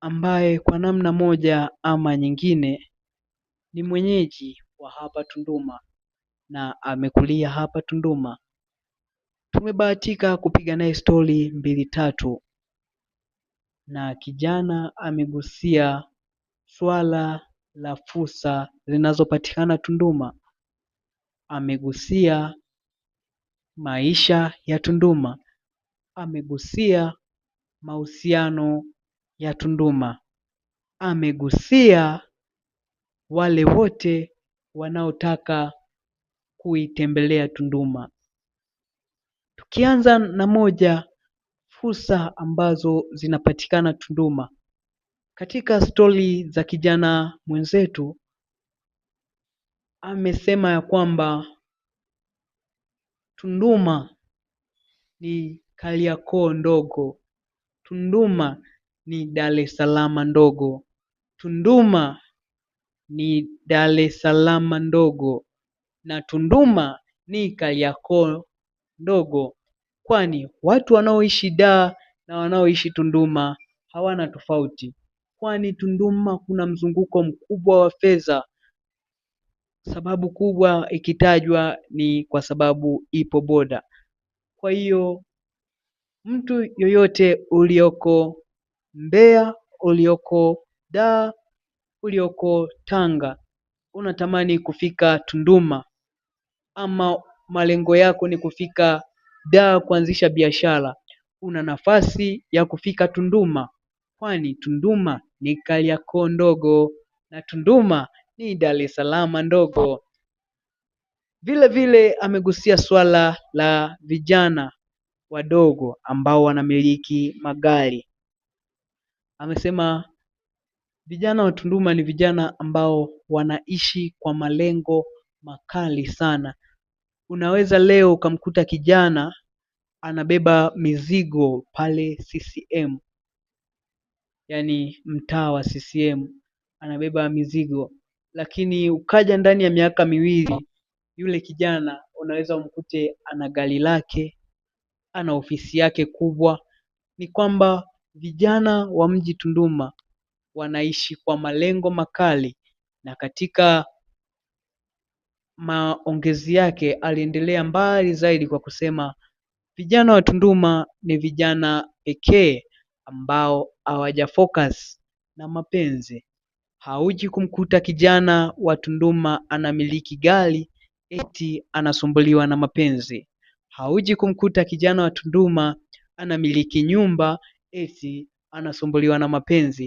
ambaye kwa namna moja ama nyingine ni mwenyeji wa hapa Tunduma na amekulia hapa Tunduma. Tumebahatika kupiga naye stori mbili tatu, na kijana amegusia swala la fursa zinazopatikana Tunduma, amegusia maisha ya Tunduma, amegusia mahusiano ya Tunduma amegusia wale wote wanaotaka kuitembelea Tunduma. Tukianza na moja, fursa ambazo zinapatikana Tunduma. Katika stori za kijana mwenzetu amesema ya kwamba Tunduma ni Kariakoo ndogo. Tunduma ni Dar es Salaam ndogo, Tunduma ni Dar es Salaam ndogo, na Tunduma ni Kariakoo ndogo, kwani watu wanaoishi Dar na wanaoishi Tunduma hawana tofauti, kwani Tunduma kuna mzunguko mkubwa wa fedha. Sababu kubwa ikitajwa ni kwa sababu ipo boda. Kwa hiyo mtu yoyote ulioko Mbeya ulioko Dar, ulioko Tanga, unatamani kufika Tunduma ama malengo yako ni kufika Dar kuanzisha biashara, una nafasi ya kufika Tunduma, kwani Tunduma ni Kariakoo ndogo na Tunduma ni Dar es Salaam ndogo. Vile vile amegusia swala la vijana wadogo ambao wanamiliki magari Amesema vijana wa Tunduma ni vijana ambao wanaishi kwa malengo makali sana. Unaweza leo ukamkuta kijana anabeba mizigo pale CCM, yaani mtaa wa CCM anabeba mizigo, lakini ukaja ndani ya miaka miwili yule kijana unaweza umkute ana gari lake, ana ofisi yake kubwa. Ni kwamba Vijana wa mji Tunduma wanaishi kwa malengo makali na katika maongezi yake aliendelea mbali zaidi kwa kusema vijana wa Tunduma ni vijana pekee ambao focus na mapenzi. Hauji kumkuta kijana wa Tunduma anamiliki gari eti anasumbuliwa na mapenzi. Hauji kumkuta kijana wa Tunduma anamiliki nyumba eti anasumbuliwa na mapenzi